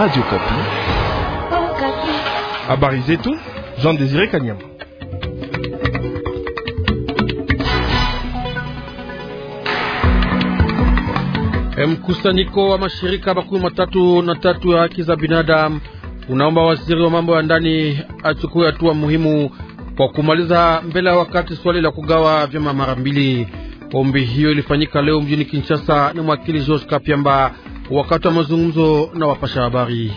Radio Kapi. Habari zetu Jean Désiré Kanyama. Eh, mkusanyiko wa mashirika makumi matatu na tatu ya haki za binadamu unaomba waziri wa mambo ya ndani achukue hatua muhimu kwa kumaliza mbele ya wakati swali la kugawa vyama mara mbili. Ombi hiyo ilifanyika leo mjini Kinshasa na mwakili George Kapiamba wakati wa mazungumzo na wapasha habari.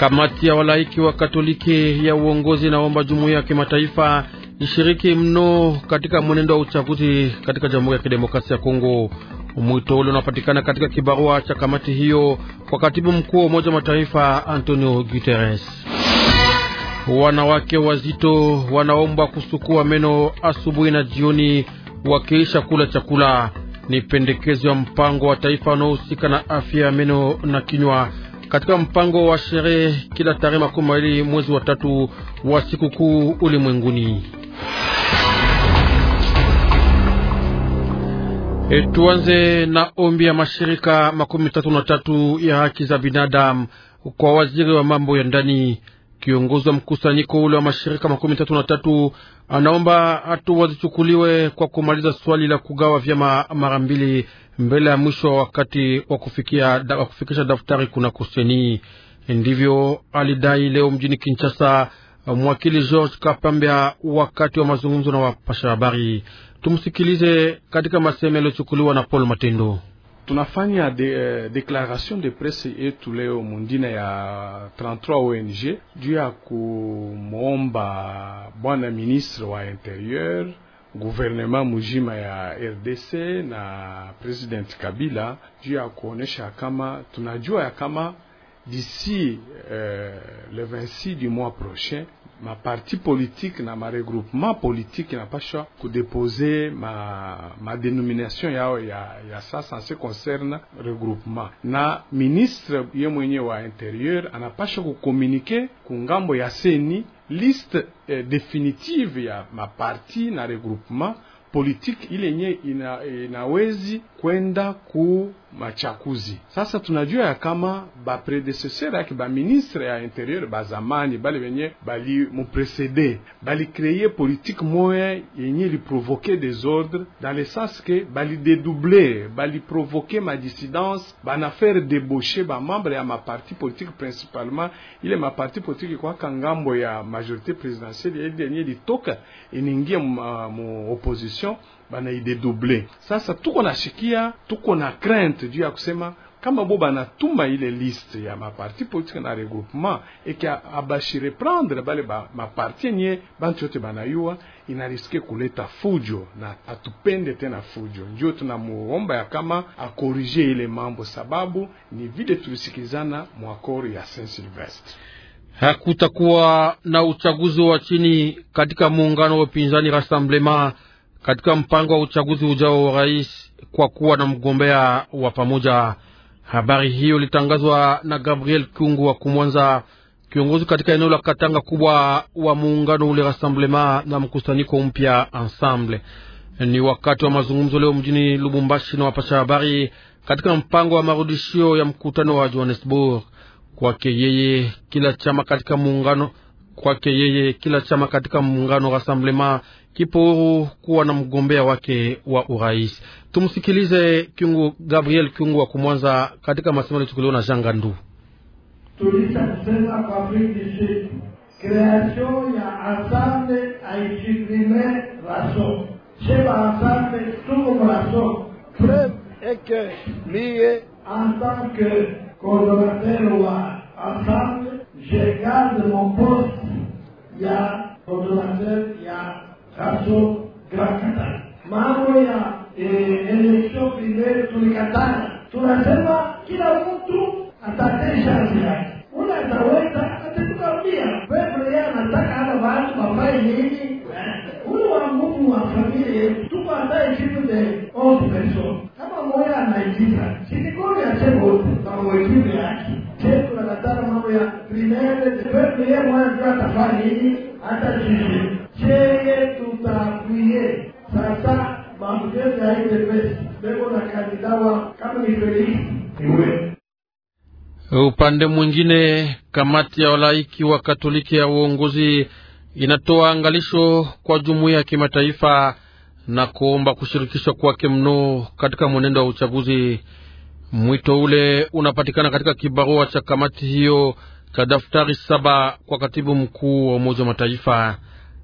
Kamati ya walaiki wa Katoliki ya uongozi inaomba jumuiya ya kimataifa ishiriki mno katika mwenendo wa uchaguzi katika Jamhuri ya Kidemokrasia ya Kongo. Mwito ule unapatikana katika kibarua cha kamati hiyo kwa katibu mkuu wa Umoja wa Mataifa Antonio Guterres. Wanawake wazito wanaombwa kusukua meno asubuhi na jioni wakiisha kula chakula ni pendekezo ya mpango wa taifa unaohusika na afya ya meno na kinywa katika mpango wa sherehe kila tarehe makumi mawili mwezi wa tatu wa sikukuu ulimwenguni. E, tuanze na ombi ya mashirika makumi tatu na tatu ya haki za binadamu kwa waziri wa mambo ya ndani Kiongozi wa mkusanyiko ule wa mashirika makumi tatu na tatu anaomba hatua zichukuliwe kwa kumaliza swali la kugawa vyama mara mbili mbele ya mwisho wa wakati wa kufikia, wa kufikisha daftari kuna kuseni. Ndivyo alidai leo mjini Kinshasa mwakili George Kapambia wakati wa mazungumzo na wapasha habari. Tumsikilize katika maseme yaliyochukuliwa na Paul Matendo. Tunafanya de, eh, declaration de presse yetu leo ya 33 ONG juu ya kumwomba bwana ministre wa interieur gouvernement de la RDC na président Kabila juu ya kuonesha kama tunajua ya kama d'ici eh, le 26 du mois prochain ma partie politique na ma regroupement politique n'a ku déposer ma, ma denomination ya ya, ya ça se concerne regroupement na ministre intérieur mwenyewe wa pas communiquer ku communiquer ya seni liste définitive definitive ma partie, na regroupement politique ile ina inawezi kwenda ku machakuzi. Sasa tunajua ya kama bapredecesseur yake venir ya interieur bazamani bale benye politique balikreye et moya yenye des ordres dans le sens que dédoubler, provoquer ke na faire débaucher, banafere membre à ma partie politique principalement il est ma maparti politique kwa kangambo ya majorité présidentielle yeli yenye litoka iningie mu opposition dédoubler Sasa a, na shikia qu'on a crainte liste juu ya kusema kama bo banatuma ile liste ya maparti politique na regroupement eke abashireprendre bale ba, maparti enye bantu yote banayua, inariske kuleta fujo na atupende tena fujo. Ndio tunamuomba ya kama akorije ile mambo, sababu ni vile tulisikizana mwakori ya Saint Sylvestre hakutakuwa na uchaguzi wa chini katika muungano wa upinzani Rassemblement katika mpango wa uchaguzi ujao wa rais kwa kuwa na mgombea wa pamoja. Habari hiyo ilitangazwa na Gabriel Kyungu wa Kumwanza, kiongozi katika eneo la Katanga kubwa wa muungano ule Rassemblement na mkusanyiko mpya Ensemble. Ni wakati wa mazungumzo leo mjini Lubumbashi na wapasha habari katika mpango wa marudishio ya mkutano wa Johannesburg. Kwake yeye, kila chama katika muungano Kwake yeye kila chama katika muungano wa Rassemblement kipo huru kuwa na mgombea wake wa urais. Tumsikilize Kyungu Gabriel Kyungu wa Kumwanza katika masema alichukuliwa na Jean Gandu. Tulisasema kwa ya asamble raso asamble tuko raso eke en tant que coordonnateur wa asamble unabadilisha hali yake unataweza atatukwambia wewe yeye anataka hata Upande mwingine, kamati ya walaiki wa Katoliki ya uongozi inatoa angalisho kwa jumuiya ya kimataifa na kuomba kushirikishwa kwake mno katika mwenendo wa uchaguzi. Mwito ule unapatikana katika kibarua cha kamati hiyo cha daftari saba kwa katibu mkuu wa Umoja wa Mataifa.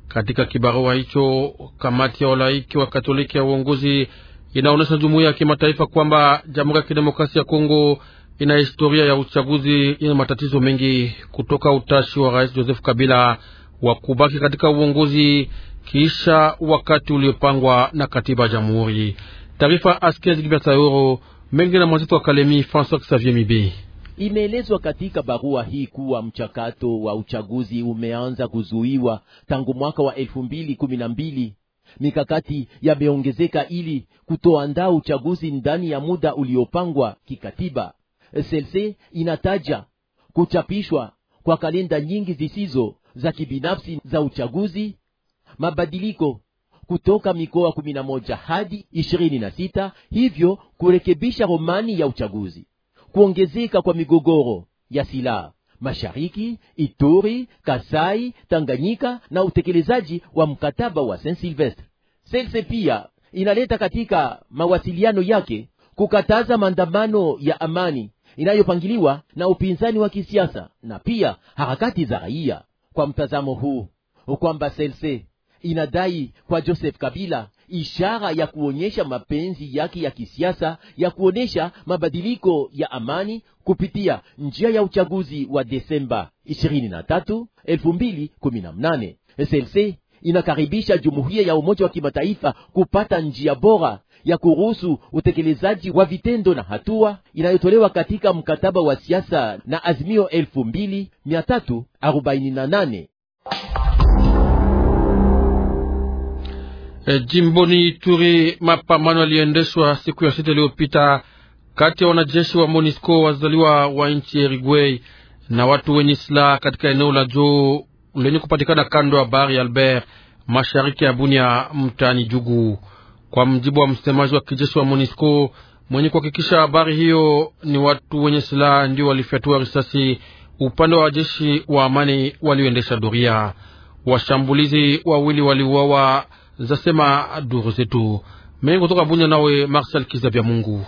Katika kibarua hicho, kamati ya walaiki wa Katoliki ya uongozi inaonyesha jumuiya ya kimataifa kwamba Jamhuri ya Kidemokrasia ya Kongo ina historia ya uchaguzi ina matatizo mengi kutoka utashi wa Rais Joseph Kabila wa kubaki katika uongozi kisha wakati uliopangwa na katiba ya jamhuri. Taarifa askezigibersayoro mengi na mwenzetu wa Kalemi François Xavier Mibi. Imeelezwa katika barua hii kuwa mchakato wa uchaguzi umeanza kuzuiwa tangu mwaka wa elfu mbili kumi na mbili. Mikakati yameongezeka ili kutoandaa uchaguzi ndani ya muda uliopangwa kikatiba celse inataja kuchapishwa kwa kalenda nyingi zisizo za kibinafsi za uchaguzi mabadiliko kutoka mikoa 11 hadi 26, hivyo kurekebisha romani ya uchaguzi kuongezeka kwa migogoro ya silaha mashariki Ituri, Kasai, Tanganyika na utekelezaji wa mkataba wa Saint Silvestre. Selse pia inaleta katika mawasiliano yake kukataza maandamano ya amani inayopangiliwa na upinzani wa kisiasa na pia harakati za raia. Kwa mtazamo huu kwamba Selse inadai kwa Joseph Kabila ishara ya kuonyesha mapenzi yake ya kisiasa ya kuonyesha mabadiliko ya amani kupitia njia ya uchaguzi wa Desemba 23, 2018. SLC inakaribisha jumuiya ya Umoja wa Kimataifa kupata njia bora ya kuruhusu utekelezaji wa vitendo na hatua inayotolewa katika mkataba wa siasa na azimio 2348. mbili E, jimboni Ituri mapambano yaliendeshwa siku ya sita iliyopita kati ya wanajeshi wa MONUSCO wazaliwa wa nchi Uruguay na watu wenye silaha katika eneo la Joo lenye kupatikana kando ya bahari Albert mashariki ya Bunia mtaani Jugu. Kwa mjibu wa msemaji wa kijeshi wa MONUSCO mwenye kuhakikisha habari hiyo, ni watu wenye silaha ndio walifyatua risasi upande wa jeshi wa amani walioendesha doria. Washambulizi wawili waliuawa, zasema duru zetu mengi kutoka Bunya. Nawe Marcel Kizabya Mungu.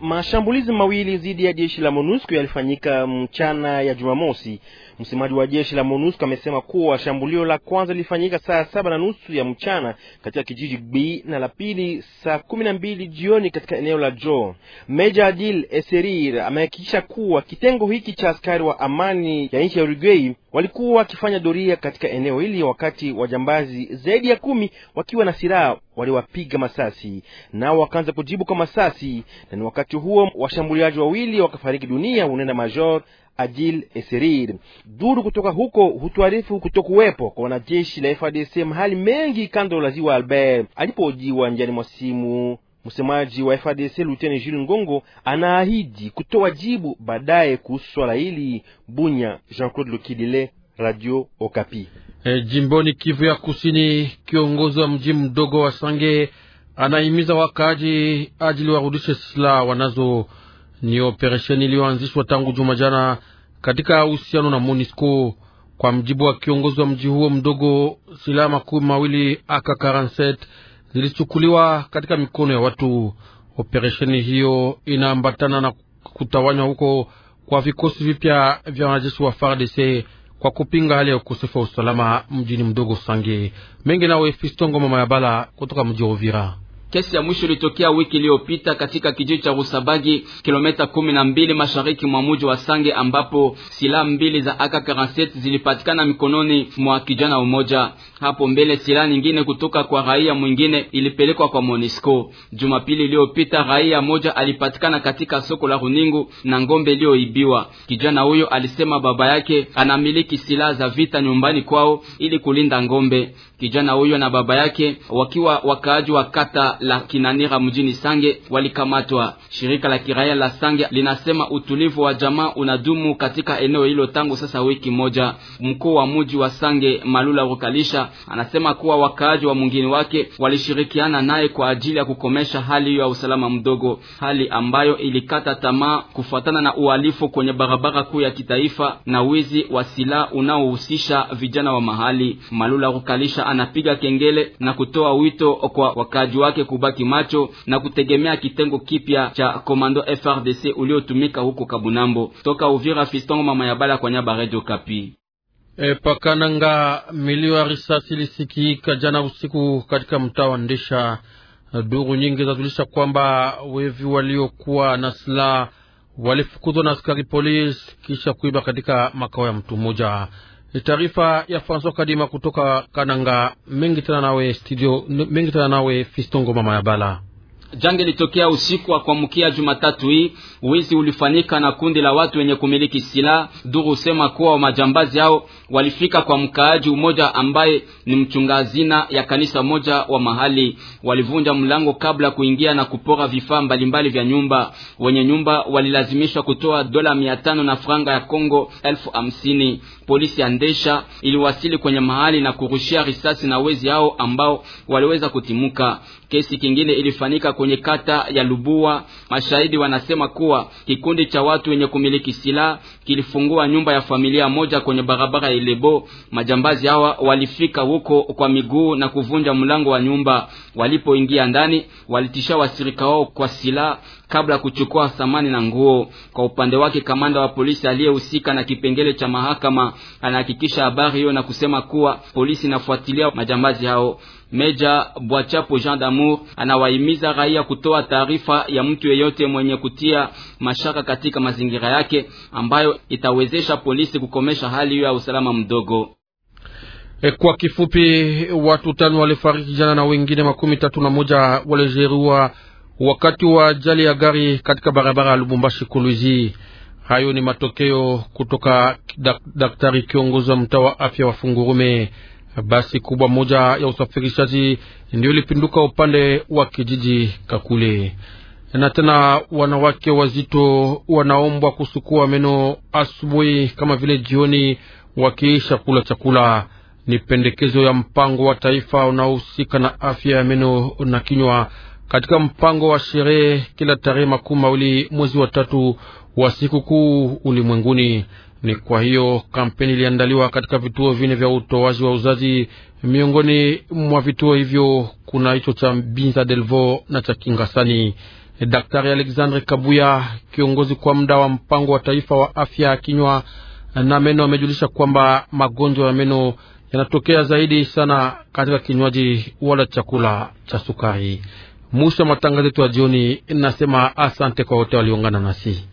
Mashambulizi mawili dhidi ya jeshi la MONUSCO yalifanyika mchana ya Jumamosi. Msemaji wa jeshi la MONUSCO amesema kuwa shambulio la kwanza lilifanyika saa saba na nusu ya mchana katika kijiji B na la pili saa kumi na mbili jioni katika eneo la Jo. Meja Adil Eserir amehakikisha kuwa kitengo hiki cha askari wa amani ya nchi ya Uruguay walikuwa wakifanya doria katika eneo hili wakati wajambazi zaidi ya kumi wakiwa na silaha waliwapiga masasi nao wakaanza kujibu kwa masasi, na ni wakati huo washambuliaji wawili wakafariki dunia. Unenda Major Adil Esirir. Duru kutoka huko hutuarifu kutokuwepo kwa wanajeshi la frdc mahali mengi kando la ziwa Albert. alipojiwa njiani mwa simu, msemaji wa frdc Luteni Jules Ngongo anaahidi kutoa jibu baadaye kuhusu swala hili. Bunya, Jean-Claude Lukidile, Radio Okapi. E, jimboni Kivu ya Kusini, kiongozi wa mji mdogo wa Sange anahimiza wakaaji ajili warudishe silaha wanazo ni operesheni iliyoanzishwa tangu juma jana katika uhusiano na MONUSCO. Kwa mjibu wa kiongozi wa mji huo mdogo, silaha makumi mawili AK47 zilichukuliwa katika mikono ya watu. Operesheni hiyo inaambatana na kutawanywa huko kwa vikosi vipya vya wanajeshi wa FARDC kwa kupinga hali ya ukosefu wa usalama mjini mdogo Sange Mengi. Nawe Fistongo mama ya Bala kutoka mji wa Uvira. Kesi ya mwisho ilitokea wiki iliyopita katika kijiji cha Rusabagi, kilomita kumi na mbili mashariki mwa mji wa Sange, ambapo silaha mbili za AK47 zilipatikana mikononi mwa kijana mmoja. Hapo mbele silaha nyingine kutoka kwa raia mwingine ilipelekwa kwa Monisco. Jumapili iliyopita raia moja alipatikana katika soko la Runingu na ngombe iliyoibiwa. Kijana huyo alisema baba yake anamiliki silaha za vita nyumbani kwao ili kulinda ngombe. Kijana huyo na baba yake wakiwa wakaaji wa kata la Kinanira mjini Sange walikamatwa. Shirika la kiraia la Sange linasema utulivu wa jamaa unadumu katika eneo hilo tangu sasa wiki moja. Mkuu wa mji wa Sange Malula Rukalisha anasema kuwa wakaaji wa mwingine wake walishirikiana naye kwa ajili ya kukomesha hali ya usalama mdogo, hali ambayo ilikata tamaa kufuatana na uhalifu kwenye barabara kuu ya kitaifa na wizi wa silaha unaohusisha vijana wa mahali. Malula Rukalisha anapiga kengele na kutoa wito kwa wakaji wake kubaki macho na kutegemea kitengo kipya cha komando FRDC uliotumika huko Kabunambo. Toka Uvira, Fistongo mama ya Bala kwa nyaba Radio Kapi. E, pakananga milio ya risasi ilisikika jana usiku katika mtaa wa Ndesha. Duru nyingi zazulisha kwamba wevi waliokuwa na silaha walifukuzwa na askari polisi kisha kuiba katika makao ya mtu mmoja. Taarifa ya Francois Kadima kutoka Kananga. Mengi tena nawe studio, mengi tena nawe Fistongo mama ya Bala. Janga litokea usiku wa kuamkia Jumatatu hii. Wizi ulifanyika na kundi la watu wenye kumiliki silaha. Duru usema kuwa majambazi hao walifika kwa mkaaji mmoja ambaye ni mchunga hazina ya kanisa moja wa mahali. Walivunja mlango kabla ya kuingia na kupora vifaa mbalimbali vya nyumba. Wenye nyumba walilazimishwa kutoa dola mia tano na franga ya Kongo elfu hamsini. Polisi ya Ndesha iliwasili kwenye mahali na kurushia risasi na wezi hao ambao waliweza kutimuka. Kesi kingine ilifanyika kwenye kata ya Lubua. Mashahidi wanasema kuwa kikundi cha watu wenye kumiliki silaha kilifungua nyumba ya familia moja kwenye barabara ya Ilebo. Majambazi hawa walifika huko kwa miguu na kuvunja mlango wa nyumba. Walipoingia ndani, walitisha wasirika wao kwa silaha kabla ya kuchukua samani na nguo. Kwa upande wake, kamanda wa polisi aliyehusika na kipengele cha mahakama anahakikisha habari hiyo na kusema kuwa polisi inafuatilia majambazi hao. Meja Bwachapo Jean Damour anawahimiza raia kutoa taarifa ya mtu yeyote mwenye kutia mashaka katika mazingira yake ambayo itawezesha polisi kukomesha hali hiyo ya usalama mdogo. E, kwa kifupi watu tano walifariki jana na wengine makumi tatu na moja walijeruhiwa wakati wa ajali ya gari katika barabara ya Lubumbashi Kuluzi. Hayo ni matokeo kutoka dak, daktari kiongozi wa mtaa wa afya wa Fungurume. Basi kubwa moja ya usafirishaji ndio ilipinduka upande wa kijiji Kakule, na tena wanawake wazito wanaombwa kusukua meno asubuhi kama vile jioni, wakiisha kula chakula. Ni pendekezo ya mpango wa taifa unaohusika na afya ya meno na kinywa katika mpango wa sherehe kila tarehe makumi mawili mwezi wa tatu wa sikukuu ulimwenguni. Ni kwa hiyo kampeni iliandaliwa katika vituo vine vya utoaji wa uzazi. Miongoni mwa vituo hivyo kuna hicho cha Binza Delvo na cha Kingasani. Daktari Alexandre Kabuya, kiongozi kwa muda wa mpango wa taifa wa afya ya kinywa na meno, amejulisha kwamba magonjwa ya meno yanatokea zaidi sana katika kinywaji wala chakula cha sukari. Mwisho wa matangazo yetu ya jioni, nasema asante kwa wote waliungana nasi.